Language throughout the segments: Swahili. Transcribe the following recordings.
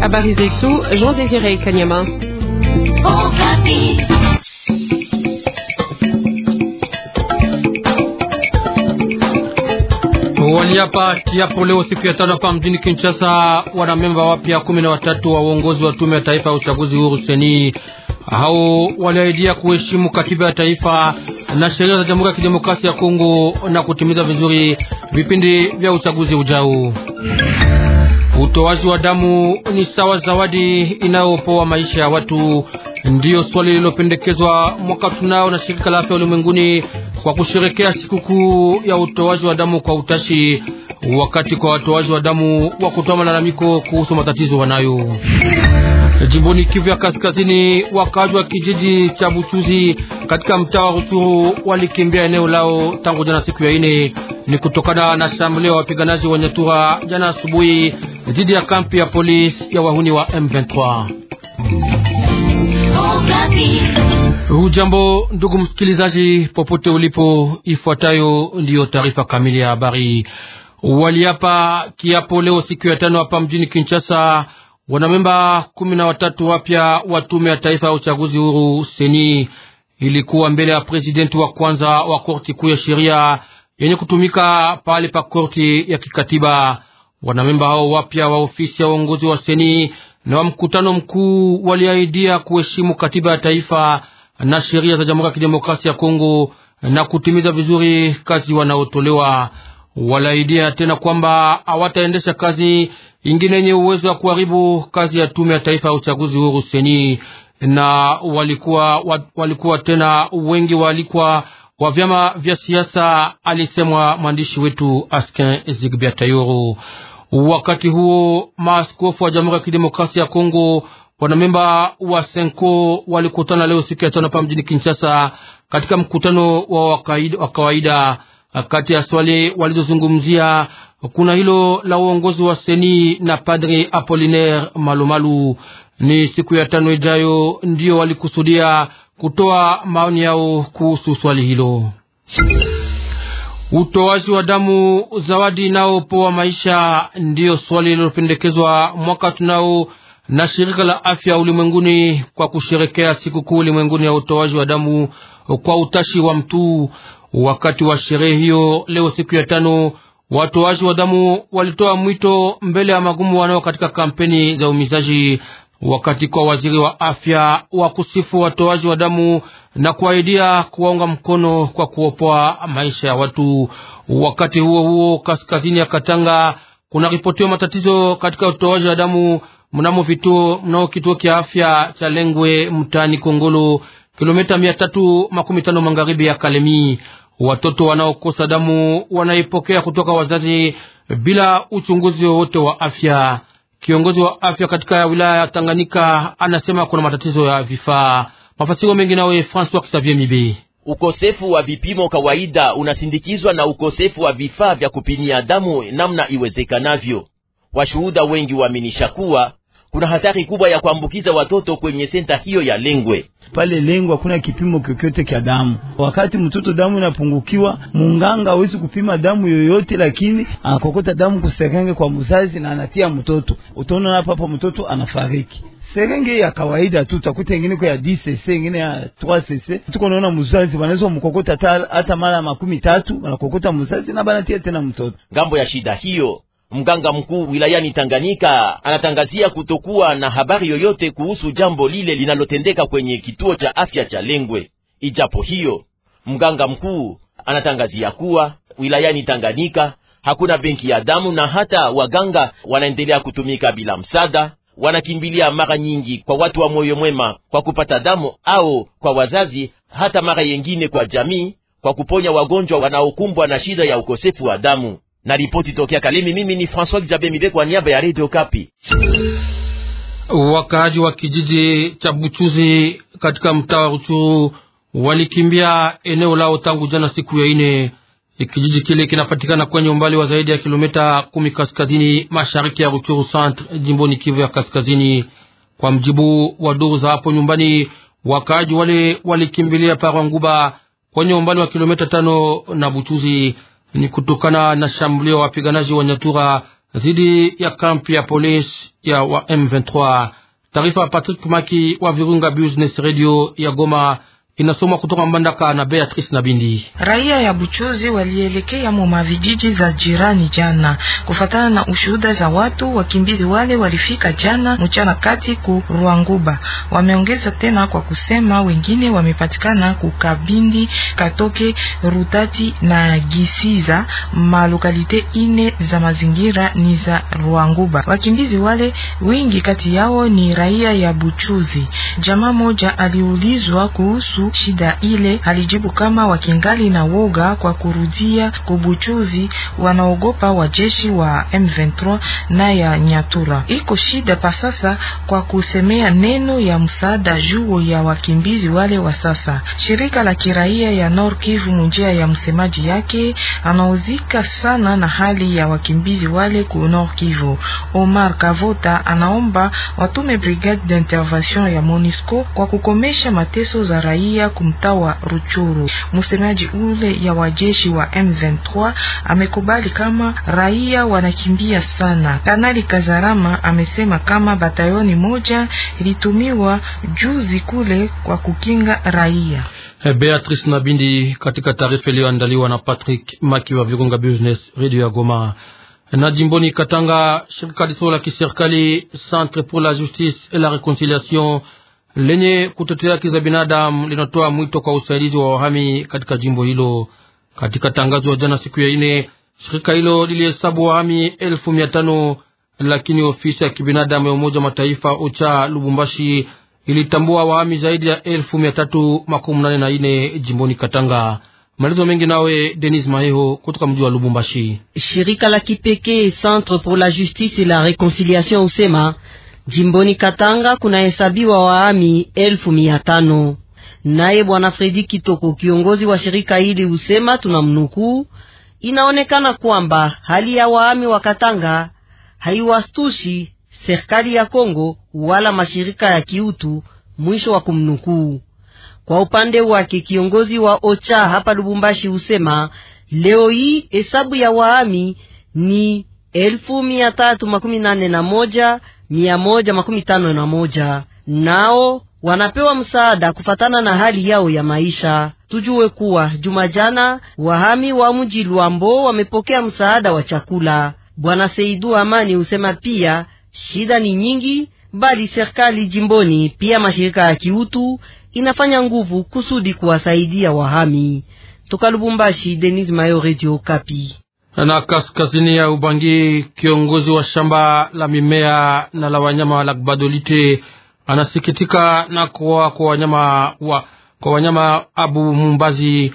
Habari zetu Jean Desire Kanyama. Waliapa kiapo leo siku ya tano hapa mjini Kinshasa, memba wapya kumi na watatu wa uongozi wa tume ya taifa ya uchaguzi huru seni. Hao waliahidia kuheshimu katiba ya taifa na sheria za Jamhuri ya Kidemokrasia ya Kongo na kutimiza vizuri vipindi vya uchaguzi ujao. Utoaji wa damu ni sawa zawadi inayopoa maisha ya watu, ndiyo swali lililopendekezwa mwaka tunao na shirika la afya ulimwenguni kwa kusherekea sikukuu ya utoaji wa damu kwa utashi, wakati kwa watoaji wa damu wa kutoa malalamiko kuhusu matatizo wanayo. Jimboni Kivu ya Kaskazini, wakaaji wa kijiji cha Buchuzi katika mtaa wa Ruchuru walikimbia eneo lao tangu jana siku ya ine ni kutokana na shambulio ya wapiganaji wa Nyatura jana asubuhi dhidi ya kampi ya polisi ya wahuni wa M23. Hujambo ndugu msikilizaji, popote ulipo, ifuatayo ndiyo taarifa kamili ya habari. Waliapa kiapo leo siku ya tano hapa mjini Kinshasa wanamemba kumi na watatu wapya wa tume ya taifa ya uchaguzi huru seni. Ilikuwa mbele ya presidenti wa kwanza wa korti kuu ya sheria yenye kutumika pale pa korti ya kikatiba. Wanamemba hao wapya wa ofisi ya uongozi wa seni na wa mkutano mkuu waliahidia kuheshimu katiba ya taifa na sheria za Jamhuri ya Kidemokrasia ya Kongo na kutimiza vizuri kazi wanaotolewa. Waliahidia tena kwamba hawataendesha kazi ingine yenye uwezo wa kuharibu kazi ya tume ya taifa ya uchaguzi huru seni, na walikuwa, walikuwa tena wengi waalikwa wa vyama vya siasa, alisemwa mwandishi wetu Askin Zigbia Tayoro. Wakati huo maaskofu wa Jamhuri ya Kidemokrasia ya Kongo wanamemba wa Senko walikutana leo siku ya tano hapa mjini Kinshasa katika mkutano wa kawaida. Kati ya swali walizozungumzia kuna hilo la uongozi wa seni na Padri Apollinaire Malumalu. Ni siku ya tano ijayo ndiyo walikusudia kutoa maoni yao kuhusu swali hilo. Utoaji wa damu zawadi nao poa maisha, ndiyo swali lilopendekezwa mwaka tunao na shirika la afya ulimwenguni kwa kusherekea sikukuu ulimwenguni ya utoaji wa damu kwa utashi wa mtu. Wakati wa sherehe hiyo leo siku ya tano, watoaji wa damu walitoa mwito mbele ya magumu wanao katika kampeni za umizaji wakati kwa waziri wa afya wa kusifu watoaji wa damu na kuahidia kuwaunga mkono kwa kuopoa maisha ya watu. Wakati huo huo, kaskazini ya Katanga kuna ripotiwa matatizo katika utoaji wa damu mnamo vituo mnao kituo kya afya cha Lengwe mtaani Kongolo, kilomita mia tatu makumi tano magharibi ya Kalemi. Watoto wanaokosa damu wanaipokea kutoka wazazi bila uchunguzi wowote wa afya. Kiongozi wa afya katika wilaya ya Tanganyika anasema kuna matatizo ya vifaa. mafasiko mengi nawe Francois Xavier Mibi. Ukosefu wa vipimo kawaida unasindikizwa na ukosefu wa vifaa vya kupimia damu namna iwezekanavyo. Washuhuda wengi waaminisha kuwa kuna hatari kubwa ya kuambukiza watoto kwenye senta hiyo ya Lengwe. Pale Lengwe hakuna kipimo kyokyote kya damu. Wakati mtoto damu inapungukiwa, munganga hawezi kupima damu yoyote, lakini anakokota damu kuserenge kwa mzazi na anatia mtoto. Utaona hapa hapo mtoto anafariki. Serenge ya kawaida tu takuta ingine kwa ya 10 cc ingine ya 3 cc. Tuko naona mzazi wanaweza mkokota hata mara makumi tatu, wanakokota mzazi na banatia tena mtoto. Ngambo ya shida hiyo Mganga mkuu wilayani Tanganyika anatangazia kutokuwa na habari yoyote kuhusu jambo lile linalotendeka kwenye kituo cha afya cha Lengwe. Ijapo hiyo, mganga mkuu anatangazia kuwa wilayani Tanganyika hakuna benki ya damu na hata waganga wanaendelea kutumika bila msaada. Wanakimbilia mara nyingi kwa watu wa moyo mwema kwa kupata damu au kwa wazazi, hata mara yengine kwa jamii kwa kuponya wagonjwa wanaokumbwa na shida ya ukosefu wa damu na ripoti tokea Kalimi. Mimi ni François Jabemide kwa niaba ya Radio Kapi. Wakaaji wa kijiji cha Buchuzi katika mtaa wa Ruchuru walikimbia eneo lao tangu jana siku ya ine. Kijiji kile kinapatikana kwenye umbali wa zaidi ya kilomita kumi kaskazini mashariki ya Ruchuru Centre, jimboni Kivu ya Kaskazini. Kwa mjibu wa duru za hapo nyumbani, wakaaji wale walikimbilia Parwa Nguba kwenye umbali wa kilomita tano na Buchuzi ni kutokana na shambulio ya wapiganaji wa Nyatura dhidi ya kampi ya polisi ya wa M23. Taarifa Patrick Maki wa Virunga Business Radio ya Goma inasoma kutoka Mbandaka na Beatrice Bindi. Raia ya Buchuzi walielekea mwa vijiji za jirani jana, kufatana na ushuhuda za watu. Wakimbizi wale walifika jana mchana kati ku Ruanguba. Wameongeza tena kwa kusema wengine wamepatikana kukabindi, Katoke, Rutati na Gisiza, malokalite ine za mazingira ni za Ruanguba. Wakimbizi wale wingi kati yao ni raia ya Buchuzi. Jamaa moja aliulizwa kuhusu shida ile, alijibu kama wakingali na woga kwa kurudia kubuchuzi, wanaogopa wajeshi wa M23 na ya Nyatura. Iko shida pa sasa kwa kusemea neno ya msaada juu ya wakimbizi wale wa sasa. Shirika la kiraia ya Nord Kivu munjia ya msemaji yake anauzika sana na hali ya wakimbizi wale ku Nord Kivu. Omar Kavota anaomba watume brigade d'intervention ya Monisco kwa kukomesha mateso za raia raia kumtawa Ruchuru. Msemaji ule ya wajeshi wa M23 amekubali kama raia wanakimbia sana. Kanali Kazarama amesema kama batayoni moja ilitumiwa juzi kule kwa kukinga raia. Eh, Beatrice Nabindi katika taarifa iliyoandaliwa na Patrick Maki wa Virunga Business Radio ya Goma. Na jimboni Katanga, shirika lisilo la kiserikali Centre pour la Justice et la Réconciliation lenye kutetea haki za binadamu linatoa mwito kwa usaidizi wa wahami katika jimbo hilo. Katika tangazo ya jana siku ya ine, shirika hilo lilihesabu wahami elfu mia tano lakini ofisi ya kibinadamu ya Umoja Mataifa ucha Lubumbashi ilitambua wahami zaidi ya elfu mia tatu makumi nane na ine jimboni Katanga. Maelezo mengi nawe Denis Maheho kutoka mji wa Lubumbashi. Shirika la kipekee Centre pour la Justice et la Reconciliation usema Jimboni Katanga kunahesabiwa waami elfu mia tano. Naye bwana Fredi Kitoko, kiongozi wa shirika hili, husema tunamnukuu, inaonekana kwamba hali ya waami wa Katanga haiwastushi serikali ya Kongo wala mashirika ya kiutu, mwisho wa kumnukuu. Kwa upande wake kiongozi wa OCHA hapa Lubumbashi husema leo hii hesabu ya waami ni elfu mia tatu makumi nane na moja mia moja makumi tano na moja nao wanapewa msaada kufatana na hali yao ya maisha. Tujue kuwa jumajana wahami wa mji Lwambo wamepokea msaada wa chakula. Bwana Seidu Amani husema pia shida ni nyingi, bali serikali jimboni pia mashirika ya kiutu inafanya nguvu kusudi kuwasaidia wahami. Toka Lubumbashi, Denis Mayo, Radio Kapi na kaskazini ya Ubangi. Kiongozi wa shamba la mimea na la wanyama la Gbadolite anasikitika na kuwa kwa wanyama, wa, kwa wanyama Abu Mumbazi.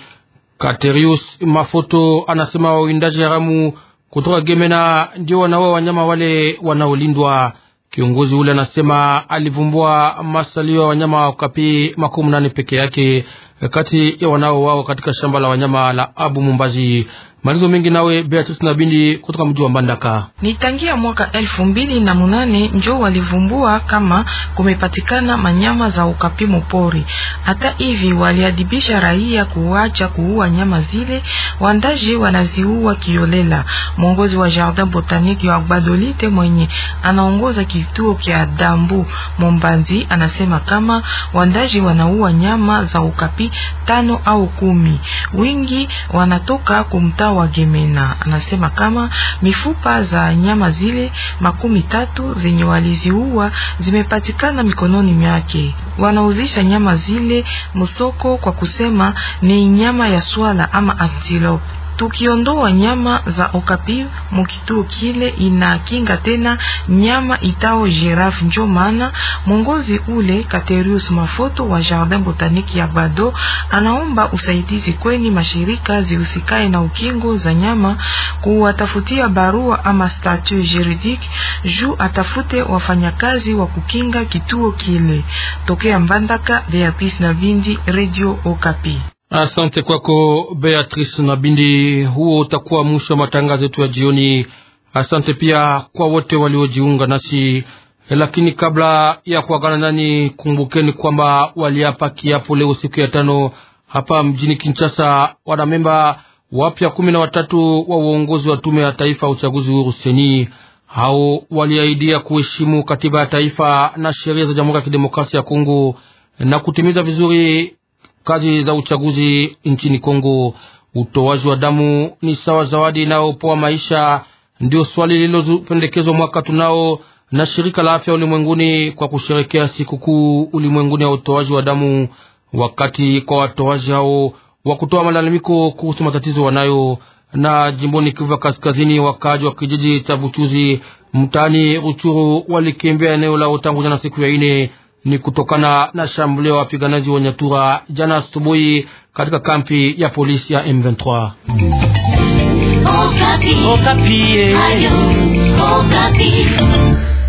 Katerius Mafoto anasema wawindaji haramu kutoka Gemena ndio wanaua wanyama wale wanaolindwa. Kiongozi ule anasema alivumbua masalio ya wanyama wakapi makumi nane peke yake kati ya wao katika shamba la wanyama la Abu Mumbazi. Malizo mengi nawe Beatrice na Bindi kutoka mji wa Mbandaka. Ni tangia mwaka elfu mbili na munane njo walivumbua kama kumepatikana manyama za ukapi pori. Hata hivi waliadibisha raia kuacha kuua nyama zile, wandaji wanaziua kiolela. Mwongozi wa Jardin Botanique ya Gbadolite mwenye anaongoza kituo kya Dambu Mombanzi anasema kama wandaji wanaua nyama za ukapi tano au kumi, wingi wanatoka kumta wagemena wa Gemena. Anasema kama mifupa za nyama zile makumi tatu zenye waliziua zimepatikana mikononi mwake. Wanauzisha nyama zile msoko kwa kusema ni nyama ya swala ama antilope tukiondoa nyama za okapi mukituo kile inakinga tena nyama itao giraffe. Njo maana mwongozi ule Katerius Mafoto wa Jardin Botanique ya Bado anaomba usaidizi kweni mashirika zihusikae na ukingo za nyama kuwatafutia barua ama statut juridique juu atafute wafanyakazi wa kukinga kituo kile. Tokea Mbandaka, Beatrice na Vindi, Radio Okapi. Asante kwako Beatrice bindi Huo utakuwa mwisho wa matangazo yetu ya jioni. Asante pia kwa wote waliojiunga nasi, lakini kabla ya kuagana nani, kumbukeni kwamba waliapa kiapo leo siku ya tano hapa mjini Kinshasa wanamemba wapya kumi na watatu wa uongozi wa tume ya taifa ya uchaguzi huru seni. Hao waliahidia kuheshimu katiba ya taifa na sheria za Jamhuri ya Kidemokrasia ya Kongo na kutimiza vizuri kazi za uchaguzi nchini Kongo. Utoaji wa damu ni sawa zawadi inayopoa maisha, ndio swali lililopendekezwa mwaka tunao na shirika la afya ulimwenguni kwa kusherekea sikukuu ulimwenguni ya utoaji wa damu, wakati kwa watoaji hao wa kutoa malalamiko kuhusu matatizo wanayo. Na jimboni Kivu Kaskazini, wakaaji wa kijiji cha Buchuzi mtaani Ruchuru walikimbia eneo lao tangu jana siku ya ine ni kutokana na shambulio ya wapiganaji wa Nyatura jana asubuhi katika kampi ya polisi ya M23. Okapi. Okapi. Eh.